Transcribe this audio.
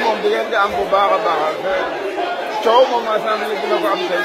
moom di ngeen di am bu baax a baax coow moom assemblée dina ko am tey